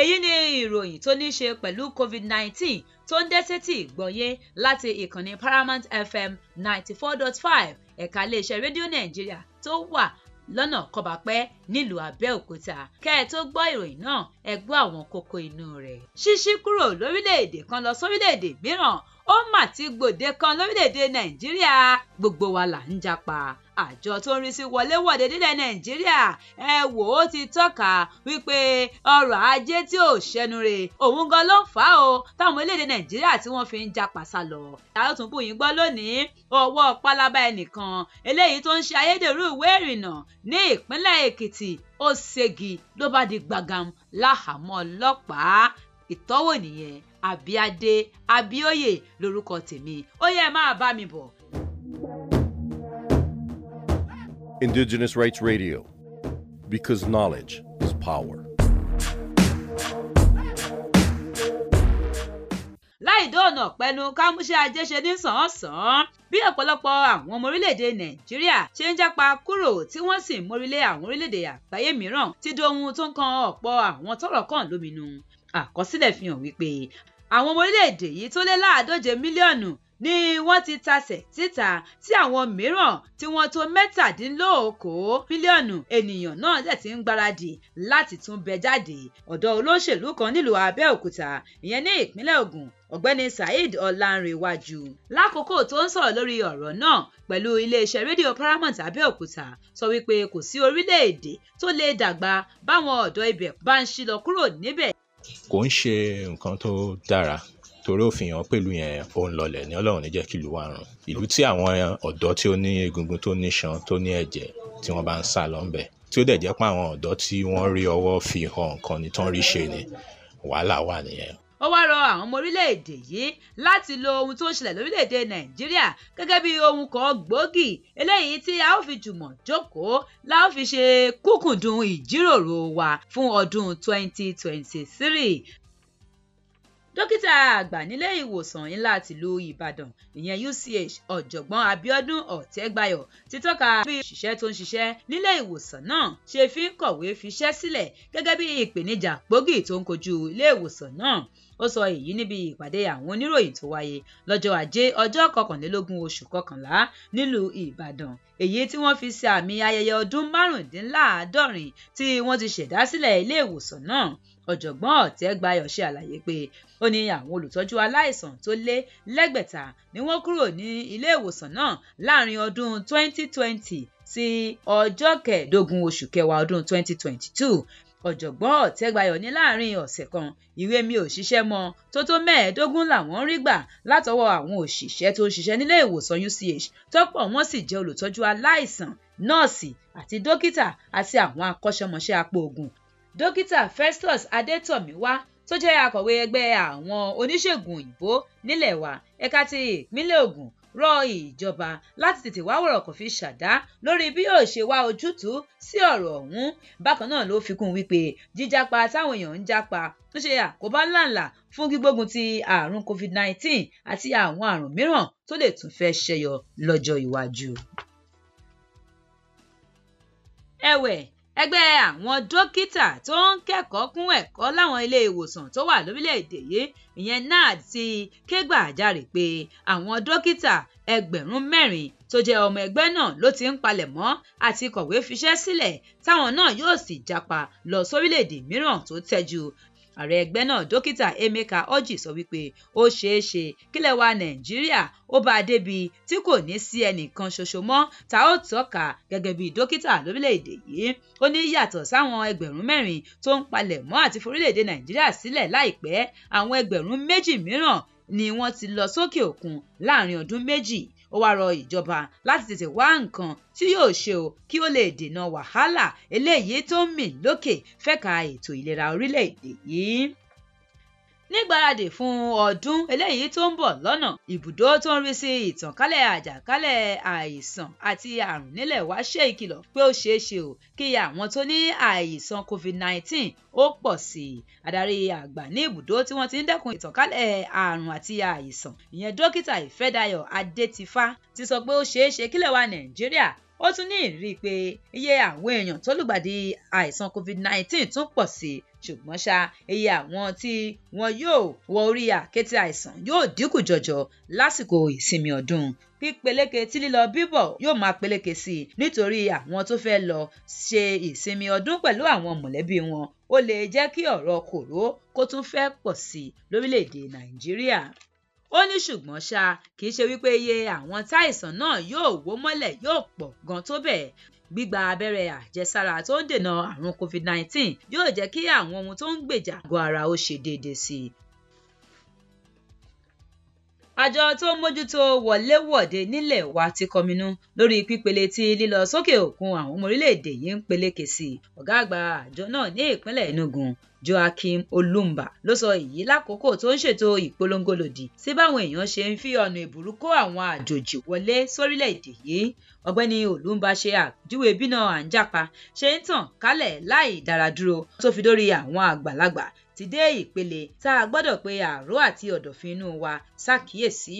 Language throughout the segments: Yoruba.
èyí ni ìròyìn tó ní ṣe pẹ̀lú covid-19 tó ń dé sétí gbọ̀nyé láti ìkànnì Paramount FM 94.5 ẹ̀ka iléeṣẹ́ rédíò Nàìjíríà tó wà lọ́nà kọbapẹ́ nílùú Abẹ́òkúta kẹ́ ẹ tó gbọ́ ìròyìn náà ẹ gbọ́ àwọn kókó inú rẹ̀. ṣíṣí kúrò lórílẹ̀‐èdè kan lọ sórílẹ̀‐èdè mìíràn ó mà ti gbòde kan lórílẹ̀‐èdè nàìjíríà gbogbo wa là ń japa àjọ tó ń rí sí wọléwọ̀de nílẹ̀ nàìjíríà ẹ wò ó ti tọ́ka wípé ọrọ̀ ajé tí ò ṣẹnure òun gan ló ń fà á o táwọn orílẹ̀-èdè nàìjíríà tí wọ́n fi ń japa sá lọ. àtúntò yìí gbọ́ lónìí ọwọ́ pálábá ẹnìkan eléyìí tó ń ṣe ayédèrú ìwé ìrìnnà ní ìpínlẹ̀ èkìtì ó segi ló bá di gbàgàm láhàámọ́ ọlọ́pàá ìtọ́wò nìyẹn àbíadé àbíòye lórúkọ tèmi ó yẹ máa bá mi bọ̀. Indigenous Rights Radio, because knowledge is power. láìdóònà pẹ̀lú kámúṣẹ́ ajé ṣe ní sàn-án-sàn-án bí ọ̀pọ̀lọpọ̀ àwọn ọmọ orílẹ̀-èdè nàìjíríà ṣe ń jápa kúrò tí wọ́n sì mórílé àwọn orílẹ̀-èdè àgbáyé mìíràn ti dohun tó ń kan ọ̀pọ̀ àwọn tọ́rọ̀ kàn lóminú àkọsílẹ̀ fi hàn wípé àwọn ọmọ orílẹ̀-èdè yìí tó lé láàádóje mílíọ̀nù ni wọ́n ti tasẹ̀ síta tí àwọn mìíràn tí wọ́n tó mẹ́tàdínlókòó mílíọ̀nù ènìyàn náà dẹ̀ ti ń gbáradì láti tún bẹ jáde ọ̀dọ̀ olóṣèlú kan nílùú Abẹ́òkúta ìyẹn ní ìpínlẹ̀ Ògùn ọ̀gbẹ́ni Saheed Ọlánrewájú lákòókò tó ń sọ̀rọ̀ lórí ọ̀rọ̀ náà pẹ̀lú iléeṣẹ́ rédíò Paramount Abẹ́òkúta sọ wípé kò sí orílẹ̀-èdè tó lè dàgbà báwọn ọ̀dọ́ ibẹ̀ bá ń ṣí lọ kúrò níbẹ̀ kò ń ṣe nǹkan tó dára torí òfin hàn pẹ̀lú yẹn ó ń lọlẹ̀ ní ọlọ́run ní jẹ́ kí ìlú wa rùn ìlú tí àwọn ọ̀dọ́ tí ó ní egungun tó ní iṣan tó ní ẹ̀jẹ̀ tí wọ́n bá ń sá lọ ń bẹ̀ tí ó dẹ̀ jẹ́ pé àwọn ọ̀dọ́ tí wọ́n rí ọwọ́ fi hàn nǹkan ni tán rí ṣe ni wàhálà wà nìyẹn ó wá rọ àwọn ọmọ orílẹ̀-èdè yìí láti lo ohun tó ń ṣẹlẹ̀ lórílẹ̀-èdè nàìjíríà gẹ́gẹ́ bí ohun kan gbòógì eléyìí tí a ó fi jùmọ̀ jókòó la ó fi ṣe kúkúndùn ìjíròrò wa fún ọdún 2023 dókítà àgbà nílé ìwòsàn ńlá tìlú ìbàdàn ìyẹn uch ọ̀jọ̀gbọ́n abiodun ọ̀tẹ́gbayọ̀ ti tọ́ka bí òṣìṣẹ́ tó ń ṣiṣẹ́ nílé ìwòsàn náà ṣe fi ń kọ̀wé fiṣẹ́ sílẹ̀ gẹ́gẹ́ bí ìpèníjà gbòógì tó ń kojú ilé ìwòsàn náà ó sọ èyí níbi ìpàdé àwọn oníròyìn tó wáyé lọ́jọ́ ajé ọjọ́ kọkànlélógún oṣù kọkànlá nílùú ìbàdàn èyí tí wọ́n fi ṣe àmì ayẹyẹ ọdún márùndínláàádọ́rin tí wọ́n ti ṣèdásílẹ̀ ilé ìwòsàn náà ọ̀jọ̀gbọ́n ọ̀tẹ́gbayọ̀ ṣe àlàyé pé ó ní àwọn olùtọ́jú aláìsàn tó lé lẹ́gbẹ̀ta ni wọ́n kúrò ní ilé ìwòsàn náà láàrin ọdún 2020 sí ọjọ́ kẹẹ̀ẹ́dógún oṣù kẹwàá ọdún 2022 ọ̀jọ̀gbọ́n ọ̀tẹ́gbayò ní láàrin ọ̀sẹ̀ kan ìwé mi ò ṣiṣẹ́ mọ́ tó tó mẹ́ẹ̀ẹ́dógún làwọn rí gbà látọwọ́ àwọn òṣìṣẹ́ tó ń ṣiṣẹ́ nílé ìwòsàn UCH tọ́pọ̀ wọn sì jẹ́ olùtọ́jú aláìsàn nọ́ọ̀sì àti dókítà àti àwọn akọ́ṣẹ́mọṣẹ́ apòògùn dókítà Festus Adétọ̀míwá tó jẹ́ akọ̀wé ẹgbẹ́ àwọn oníṣègùn òyìnbó nílẹ̀ wa ẹ̀ka ti ìpínlẹ̀ Ògùn rọ ìjọba láti tètè wá wọ̀rọ̀ kò fi ṣàdá lórí bí yóò ṣe wá ojútùú sí ọ̀rọ̀ ọ̀hún bákan náà ló fi kún wípé jíjápa táwọn èèyàn ń jápa tó ṣe àkóbá ńláǹlà fún gbígbógun ti àrùn covid-19 àti àwọn àrùn mìíràn tó lè tún fẹ́ ṣẹyọ lọ́jọ́ iwájú. ẹ̀wẹ̀ ẹgbẹ́ àwọn dókítà tó ń kẹ́kọ̀ọ́ kún ẹ̀kọ́ láwọn ilé ìwòsàn tó wà lórílẹ̀‐èdè yìí ìyẹn NAD ti kẹ́gbàjarè pé àwọn dókítà ẹgbẹ̀rún mẹ́rin tó jẹ́ ọmọ ẹgbẹ́ náà ló ti ń palẹ̀mọ́ àti kọ̀wé fiṣẹ́ sílẹ̀ táwọn náà yóò sì japa lọ sórílẹ̀‐èdè mìíràn tó tẹ́jú ààrẹ ẹgbẹ́ náà dókítà emeka orji sọ wípé ó ṣeé ṣe kílẹ̀ wa nàìjíríà ó bá a débi tí kò ní sí ẹnìkan ṣoṣo mọ́ tá ó tọ́ka gẹ́gẹ́ bí dókítà lórílẹ̀‐èdè yìí ó ní yàtọ̀ sáwọn ẹgbẹ̀rún mẹ́rin tó ń palẹ̀ mọ́ àti forílẹ̀‐èdè nàìjíríà sílẹ̀ láìpẹ́ àwọn ẹgbẹ̀rún méjì mìíràn ni wọ́n ti lọ sókè òkun láàrin ọdún méjì ó wá rọ ìjọba láti tètè wá nǹkan tí yóò ṣe o kí ó lè dènà wàhálà eléyìí tó ń mì lókè fẹ́ka ètò ìlera orílẹ̀-èdè yìí nígbáradì fún ọdún eléyìí tó ń bọ̀ lọ́nà ibùdó tó ń rí sí ìtànkálẹ̀ àjàkálẹ̀ àìsàn àti àrùn nílẹ̀ wá ṣe ìkìlọ̀ pé ó ṣeé ṣe o kí àwọn tó ní àìsàn covid nineteen ó pọ̀ sí i adarí àgbà ní ibùdó tí wọ́n ti ń dẹ́kun ìtànkálẹ̀ àrùn àti àìsàn ìyẹn dókítà ìfẹ́dayọ̀ adétifá ti sọ pé ó ṣeé ṣe kílẹ̀ wa nàìjíríà ó tún ní ìrírí pé iye àwọn èèyàn tó lùgbàdì àìsàn covid nineteen tún pọ̀ sí i ṣùgbọ́n ṣá iye àwọn tí wọn yóò wọ orí àkété àìsàn yóò dínkù jọjọ lásìkò ìsinmi ọdún pípeléke tí lílọ bíbọ̀ yóò máa peléke sí i nítorí àwọn tó fẹ́ lọ ṣe ìsinmi ọdún pẹ̀lú àwọn mọ̀lẹ́bí wọn ó lè jẹ́ kí ọ̀rọ̀ kòró kó tún fẹ́ pọ̀ sí i lórílẹ̀‐èdè nàìjíríà ó ní ṣùgbọ́n ṣá kì í ṣe wípé iye àwọn táìsàn náà yóò wó mọ́lẹ̀ yóò pọ̀ gan tó bẹ́ẹ̀ gbígba abẹ́rẹ́ àjẹsára tó ń dènà àrùn covid-19 yóò jẹ́ kí àwọn ohun tó ń gbèjà àgọ́ ara ó ṣe déédéé sí i. Àjọ tó ń mójútó wọléwọ̀de nílẹ̀ wa ti kọminú lórí pípele tí lílọ sókè òkun àwọn ọmọ orílẹ̀-èdè yìí ń peléke sí i. Ọ̀gá àgbà àjọ náà ní ìpínlẹ̀ Enugu Joakim Olumba ló sọ èyí lákòókò tó ń ṣètò ìpolongo lòdì sí báwọn èèyàn ṣe ń fi ọ̀nà ìbùrú kó àwọn àjòjì wọlé sórílẹ̀-èdè yìí ọ̀gbẹ́ni olùmbà ṣe àjúwe bínà àǹjàpá ṣe ń tàn kálẹ̀ láì dára dúró tó fi dórí àwọn àgbàlagbà ti dé ìpele tá a gbọ́dọ̀ pé àró àti ọ̀dọ̀fin inú wa ṣàkíyèsí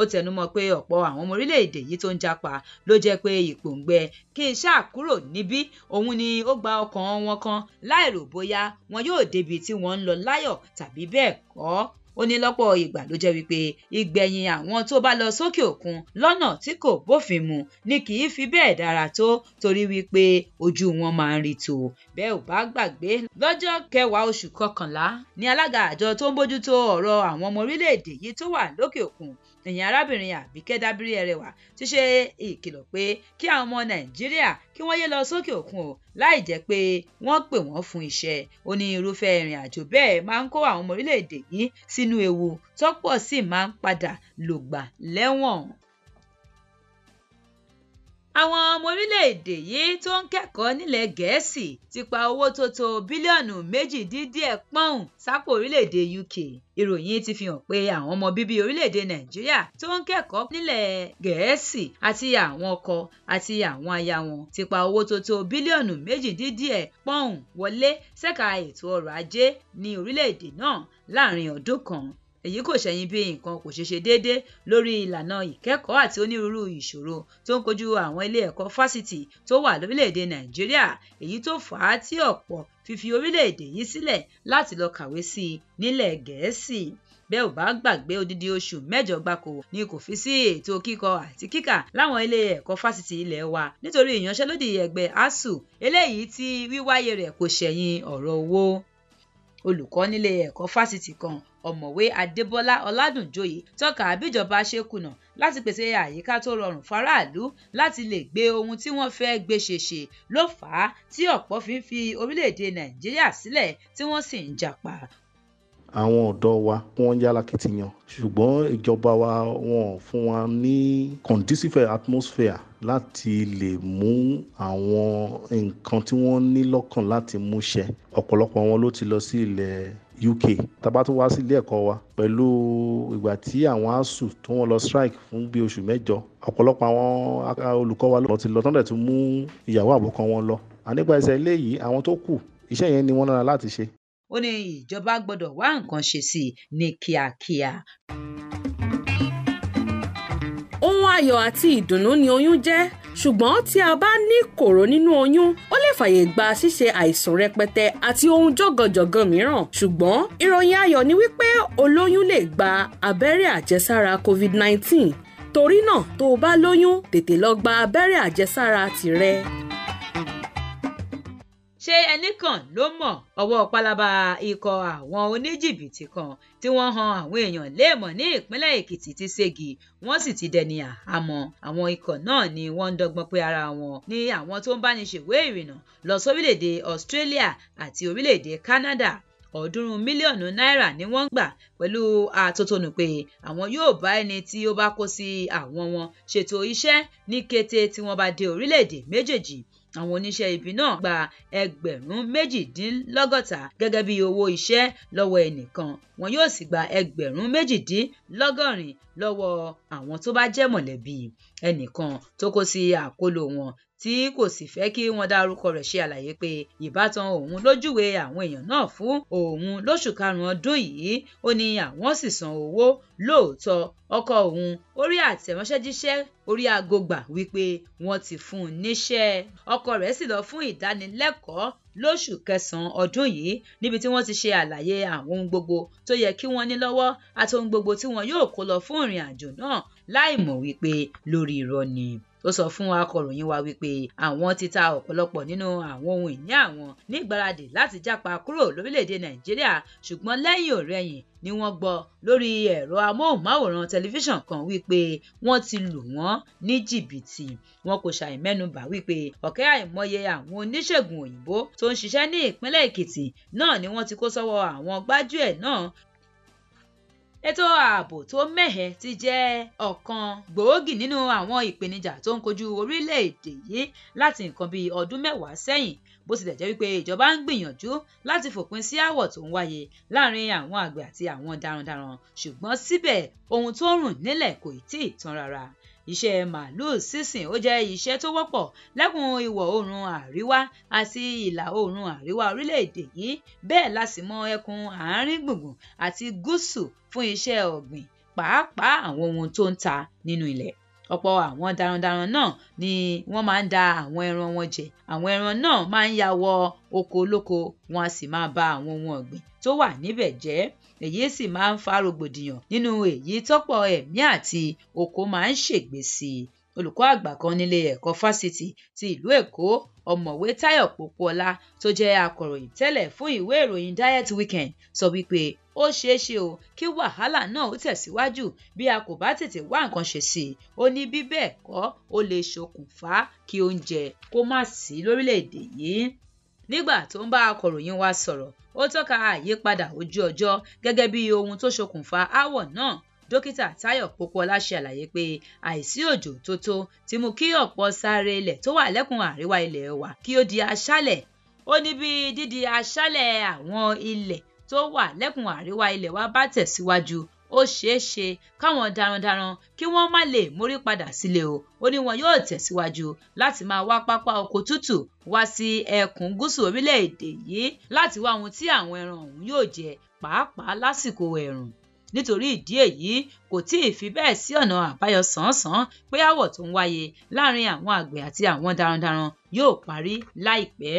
ó tẹnumọ́ pé ọ̀pọ̀ àwọn ọmọ orílẹ̀-èdè yìí tó ń japa ló jẹ́ pé ìpòǹgbẹ kí n ṣáà kúrò níbí òun ni ó gba ọkàn wọn kan láìrò bóyá wọn yóò débi tí wọ́n ń lọ láyọ̀ tàbí bẹ́ẹ̀ kọ́ ó ní lọ́pọ̀ ìgbà ló jẹ́ wípé ìgbẹ̀yìn àwọn tó bá lọ sókè òkun lọ́nà tí kò bófin mu ni kì í fi bẹ́ẹ̀ dára tó torí wípé ojú wọn máa ń rí tó bẹ́ẹ̀ ò bá gbàgbé lọ́jọ́ kẹwàá oṣù kọkànlá ni alága àjọ tó ń bójútó ọ̀rọ̀ àwọn ọmọ orílẹ̀-èdè yìí tó wà lókè òkun ìyẹn arábìnrin àbíkẹ́ dábírí ẹrẹwà ti ṣe ìkìlọ̀ pé kí àwọn ọmọ nàìjíríà kí wọ́n yé lọ sókè òkun o láì jẹ́ pé wọ́n pè wọ́n fún iṣẹ́ ó ní irúfẹ́ ìrìn àjò bẹ́ẹ̀ máa ń kó àwọn ọmọ orílẹ̀-èdè yìí sínú ewu tọ́pọ̀ sì máa ń padà lògbà lẹ́wọ̀n àwọn ọmọ orílẹ̀-èdè yìí tó ń kẹ́kọ̀ọ́ nílẹ̀ gẹ̀ẹ́sì ti pa owó tó tó bílíọ̀nù méjì dín díẹ̀ pọ́ùn sápò orílẹ̀-èdè uk ìròyìn ti fi hàn pé àwọn ọmọ bíbí orílẹ̀-èdè nàìjíríà tó ń kẹ́kọ̀ọ́ nílẹ̀ gẹ̀ẹ́sì àti àwọn ọkọ àti àwọn aya wọn ti pa owó tó tó bílíọ̀nù méjì dín díẹ̀ pọ́ùn wọlé ṣẹ́ka ètò ọrọ̀ ajé ní orílẹ̀-èdè náà láàrin ọdún kan èyí kò ṣẹ̀yìn bí nǹkan kò ṣeṣe déédé lórí ìlànà ìkẹ́kọ̀ọ́ àti onírúurú ìṣòro tó ń kojú àwọn ilé ẹ̀kọ́ fásitì tó wà lórílẹ̀‐èdè nàìjíríà èyí tó fà á tí ọ̀pọ̀ fífi orílẹ̀‐èdè yìí sílẹ̀ láti lọ kàwé sí i nílẹ̀ gẹ̀ẹ́sì bẹ́ẹ̀ ò bá gbàgbé odidi oṣù mẹ́jọ gbáko ni kò fi sí ètò kíkọ àti kíkà láwọn ilé ẹ̀kọ́ fásitì ilẹ̀ wa nítorí ìyanṣẹ́lódì ẹgbẹ́ ASUU eléyìí tí wíwáyé rẹ̀ kò ṣẹ̀yìn ọ̀rọ̀ owó olùkọ́ nílé ẹ̀kọ́ fásitì kan ọ̀mọ̀wé adébọlá ọládúnjọyé tọ́ka bíjọba ṣe kùnà láti pèsè àyíká tó rọrùn fáráàlú láti lè gbé ohun tí wọ́n fẹ́ gbé ṣèṣe ló fà á tí ọ̀pọ̀ fi ń fi orílẹ̀-èdè nàìjíríà sílẹ̀ tí wọ́n sì ń jàpá àwọn ọ̀dọ́ wa wọ́n yára kìtìyàn ṣùgbọ́n ìjọba wa wọn fún wa ní conducive atmosphere láti lè mú àwọn nǹkan tí wọ́n ní lọ́kàn láti mú ṣẹ ọ̀pọ̀lọpọ̀ wọn ló ti lọ sí ilẹ̀ UK tábà tó wá sí ilé ẹ̀kọ́ wa pẹ̀lú ìgbà tí àwọn asuu tó wọ́n lọ strike fún bí oṣù mẹ́jọ ọ̀pọ̀lọpọ̀ àwọn olùkọ́ wa lọ ti lọ tán dẹ̀ tún mú ìyàwó àbọ̀kan wọn lọ ànípa ẹsẹ̀ eléyìí àwọn tó kù iṣẹ́ yẹn ni wọ́n lára láti ṣe. ó ní ìjọba gbọ́dọ̀ wá nǹkan ṣe sí i ní kíákíá ayọ̀ àti ìdùnnú ni oyún jẹ́ ṣùgbọ́n tí a bá ní kòró nínú oyún ó lè fàyè gba ṣíṣe àìsàn rẹpẹtẹ àti ohun jọ̀gànjọ̀gàn mìíràn ṣùgbọ́n ìròyìn ayọ̀ ni wípé olóyún lè gba abẹ́rẹ́ àjẹsára covid-19 torí náà tó o bá lóyún tètè lọ gba abẹ́rẹ́ àjẹsára tìrẹ ṣé ẹnìkan ló mọ̀ ọwọ́ pálábá ikọ̀ àwọn oníjìbìtì kan tí wọ́n han àwọn èèyàn léèmọ̀ ní ìpínlẹ̀ Èkìtì ti ségi wọ́n sì ti dẹni àhámọ́ àwọn ikọ̀ náà ni wọ́n ń dọ́gbọ́n pé ara wọn ní àwọn tó ń báni ṣèwé ìrìnnà lọ sórílẹ̀ Australia àti orílẹ̀-èdè Canada ọ̀ọ́dúnrún mílíọ̀nù náírà ni wọ́n ń gbà pẹ̀lú àtótónu pé àwọn yóò bá ẹni tí ó bá kó sí àwọn wọn ṣètò iṣẹ́ ní kété tí wọ́n bá dé orílẹ̀-èdè méjèèjì àwọn oníṣẹ́ ibi náà gba ẹgbẹ̀rún méjìdínlọ́gọ́ta gẹ́gẹ́ bí owó iṣẹ́ lọ́wọ́ ẹnìkan wọn yóò sì gba ẹgbẹ̀rún méjìdínlọ́gọ́rin lọ́wọ́ àwọn tó bá jẹ́ mọ̀lẹ́bí ẹnìkan tó kó sí àkólò wọn tí kò sì fẹ́ kí wọ́n dárúkọ rẹ̀ ṣe àlàyé pé ìbátan òun lójúwe àwọn èèyàn náà fún òun lóṣù karùn-ún ọdún yìí ó ní àwọn sì san owó lóòótọ́ ọkọ òun orí àtẹ̀ránṣẹ́ jíṣẹ́ orí aago gbà wípé wọ́n ti fún un níṣẹ́ ọkọ rẹ̀ sì lọ fún ìdánilẹ́kọ̀ọ́ lóṣù kẹsànán ọdún yìí níbi tí wọ́n ti ṣe àlàyé àwọn ohun gbogbo tó yẹ kí wọ́n ní lọ́wọ́ àti ohun gbogbo tí wọ́n yóò kó lọ fún ìrìn àjò náà láì mọ̀ wípé lórí irọ́ ni tó sọ fún akọ̀ròyìn wa wípé àwọn ti ta ọ̀pọ̀lọpọ̀ nínú àwọn ohun ìní àwọn ní ìgbáradì láti jápa kúrò lórílẹ̀‐èdè nàìjíríà ṣùgbọ́n lẹ́yìn ọ̀rẹ́yìn ni wọ́n gbọ́ lórí ẹ̀rọ amóhùnmáwòrán tẹlifíṣàn kan wípé wọ́n ti lù wọ́n ní jìbìtì wọn kò ṣàì mẹ́nubà wípé ọ̀kẹ́ àìmọye àwọn oníṣègùn òyìnbó tó ń ṣiṣẹ́ ní ìpínlẹ̀ èkìtì náà ni wọ́n ti kó sọ́wọ́ àwọn gbájúẹ̀ náà ètò ààbò tó mẹ́hẹ̀ ti jẹ́ ọ̀kan gbòógì nínú àwọn ìpèníjà tó ń kojú orílẹ̀-èdè yìí láti nǹkan bíi ọdún mẹ́wàá sẹ́yìn bó tilẹ̀ jẹ́ wípé ìjọba ń gbìyànjú láti fòpin sí àwọ̀ tó ń wáyé láàrin àwọn àgbẹ̀ àti àwọn darandaran ṣùgbọ́n síbẹ̀ ohun tó rùn nílẹ̀ kò tí tán rárá iṣẹ́ màálùú sísìn ó jẹ́ iṣẹ́ tó wọ́pọ̀ lẹ́kùn ìwọ̀ oòrùn àríwá àti ìlà oòrùn àríwá orílẹ̀ yìí bẹ́ẹ̀ la mọ ẹkùn àárín gbùngbùn àti gúúsù fún iṣẹ́ ọ̀gbìn pàápàá àwọn ohun tó ń ta nínú ilẹ̀ ọ̀pọ̀ àwọn darandaran náà ni wọ́n máa ń da àwọn ẹran wọn jẹ àwọn ẹran náà máa ń ya wọ oko olóko wọn a sì máa ba àwọn ohun ọ̀gbìn tó wà níbẹ̀ jẹ́ èyí sì máa ń fa rògbòdìyàn nínú èyí tọ́pọ̀ ẹ̀mí àti oko máa ń ṣègbè sí i olùkọ́ àgbà kan nílé ẹ̀kọ́ fásitì ti ìlú èkó ọ̀mọ̀wé táyọ̀ pópóọlá tó jẹ́ akọ̀ròyìn tẹ́lẹ̀ fún ìwé ìròyìn diet weekend sọ wípé ó ṣeé ṣe o kí wàhálà náà ó tẹ̀síwájú bí a kò bá tètè wá nǹkan ṣe sí i ó ní bí bẹ́ẹ̀ kọ́ ó lè ṣokùnfà kí oúnjẹ kó má sí lórílẹ̀‐èdè yìí nígbà tó ń bá akọ̀ròyìn wa sọ̀rọ̀ ó tọ́ka àyípadà ojú ọjọ́ gẹ́gẹ́ bí ohun tó ṣokùnfà áwọ̀ náà dókítà táyọ̀ pópóọlá ṣe àlàyé pé àìsí òjò tó tó ti mú kí ọ̀pọ̀ sáré ilẹ̀ tó wà lẹ́kùn àríwá ilẹ̀ wa kí ó di aṣálẹ̀ ó ní bí dídi aṣálẹ̀ àwọn ilẹ̀ tó wà lẹ́kùn àríwá ilẹ̀ wa bá tẹ̀síwájú ó ṣeé ṣe káwọn darandaran kí wọ́n má lè mórí padà sílé o ó ní wọn yóò tẹ̀síwájú láti máa wá pápá oko tútù wá sí ẹkùn gúúsù orílẹ̀-èdè yìí láti wá ohun tí àwọn ẹran ọ̀hún yóò jẹ pàápàá lásìkò ẹ̀rùn nítorí ìdí èyí kò tí ì fi bẹ́ẹ̀ sí ọ̀nà àbáyọ sànsán pé àwọ̀ tó ń wáyé láàrin àwọn àgbẹ̀ àti àwọn darandaran yóò parí láìpẹ́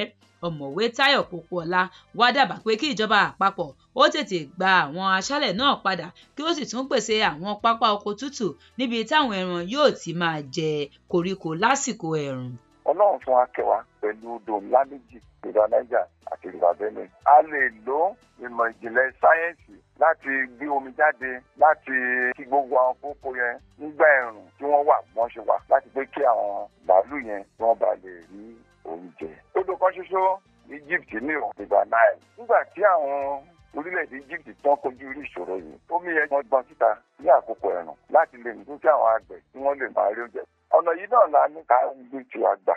ọ̀mọ̀wé táyọ̀ kókóọlá wá dábàá pé kí ìjọba àpapọ̀ ó tètè gba àwọn aṣálẹ̀ náà padà kí ó sì tún pèsè àwọn pápá oko tútù níbi táwọn ẹran yóò ti máa jẹ koríko lásìkò ẹ̀rùn ọlọ́run fún akẹwà pẹ̀lú odò ńlá méjì ìdá náíjà àti ìdá bẹ́ẹ̀ni. a lè lo ìmọ̀ ìjìnlẹ̀ sáyẹ́ǹsì láti gbé omi jáde láti kí gbogbo àwọn kókó yẹn nígbà ẹ̀rùn tí wọ́n wà wọ́n ṣe wà láti pé kí àwọn màálù yẹn kí wọ́n bá lè rí oúnjẹ. odò kan ṣoṣo Egypt ní ìgbà Nile nígbà tí àwọn orílẹ̀-èdè Egypt tán kojú irú ìṣòro yìí omi yẹn wọ́n gbọ́n síta ní àkókò ẹ̀rùn láti lè mú kí àwọn àgbẹ̀ kí wọ́n lè máa rí oúnjẹ ọ̀nà yìí náà la ní ká gbé ju àgbà.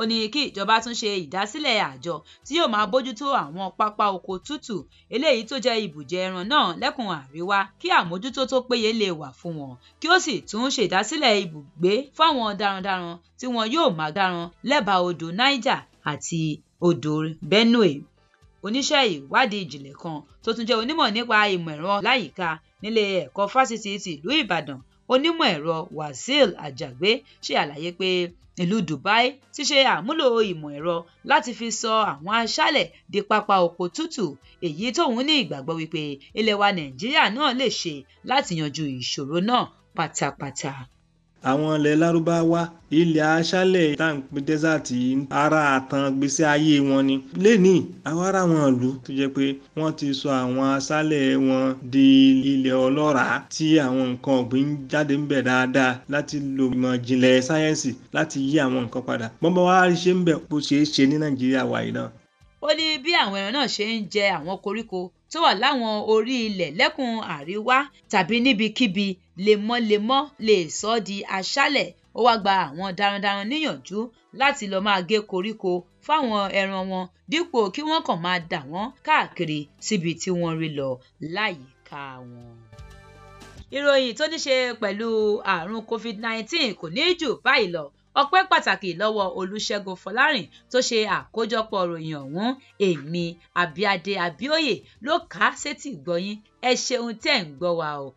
ó ní kí ìjọba tún ṣe ìdásílẹ̀ àjọ tí yóò máa bójútó àwọn pápá oko tútù eléyìí tó jẹ́ ibùjẹ ẹran náà lẹ́kùn àríwá kí àmójútó tó péye lè wà fún wọn kí ó sì tún ṣèdásílẹ̀ ibùgbé fáwọn darandaran tí wọn yóò máa daran lẹ́bàá odò Niger àti odò Benue oníṣẹ́ ìwádìí ìjìnlẹ̀ kan tó tún jẹ́ onímọ̀ nípa ìmọ̀ ẹ̀rọ láyìíká nílé ẹ̀kọ́ fásitì ti ìlú Ìbàdàn onímọ̀ ẹ̀rọ wazil ajagbe ṣe àlàyé pé ìlú dubai ti ṣe àmúlò ìmọ̀ ẹ̀rọ láti fi sọ àwọn aṣálẹ̀ di pápá oko tútù èyí tóun ní ìgbàgbọ́ wípé ilẹ̀ wa nàìjíríà náà lè ṣe láti yanjú ìṣòro náà pátápátá àwọn ilẹ̀ lárúbáwá ilẹ̀ aṣálẹ̀ tá à ń dẹ́sàtì ara àtàn gbèsè ayé wọn ni. lẹ́nìí àwọn ará wọn ìlú tó jẹ́ pé wọ́n ti sọ àwọn aṣálẹ̀ wọn di ilẹ̀ ọlọ́ràá tí àwọn nǹkan ọ̀gbìn jáde ń bẹ̀ dáadáa láti lo ìmọ̀ ìjìnlẹ̀ sáyẹ́ǹsì láti yí àwọn nǹkan padà. bọ́nbọ́n wa ṣe ń bẹ̀ bó ṣe é ṣe ní nàìjíríà wàyí náà. ó ní bí àwọn ẹran náà ṣe ń jẹ àwọn koríko tó wà láwọn orí ilẹ̀ lẹ́kùn àríwá tàbí níbikíbi lemọ́lemọ́ lè sọ ọ́ di aṣálẹ̀ ó wá gba àwọn darandaran níyànjú láti lọ máa gé koríko fáwọn ẹran wọn dípò kí wọ́n kàn máa dà wọ́n káàkiri síbi tí wọ́n rí lọ láyìíká wọn ìròyìn tó ní ṣe pẹ̀lú àrùn covid-19 kò ní jù báyìí lọ ọpẹ́ pàtàkì lọ́wọ́ olùṣègùn fọlárìn tó ṣe àkójọpọ̀ ròyìn ọ̀hún èmi abíadé abíòye ló kà á sétí gbọ́yìn ẹ ṣeun tẹ́ ń gbọ́ wa o.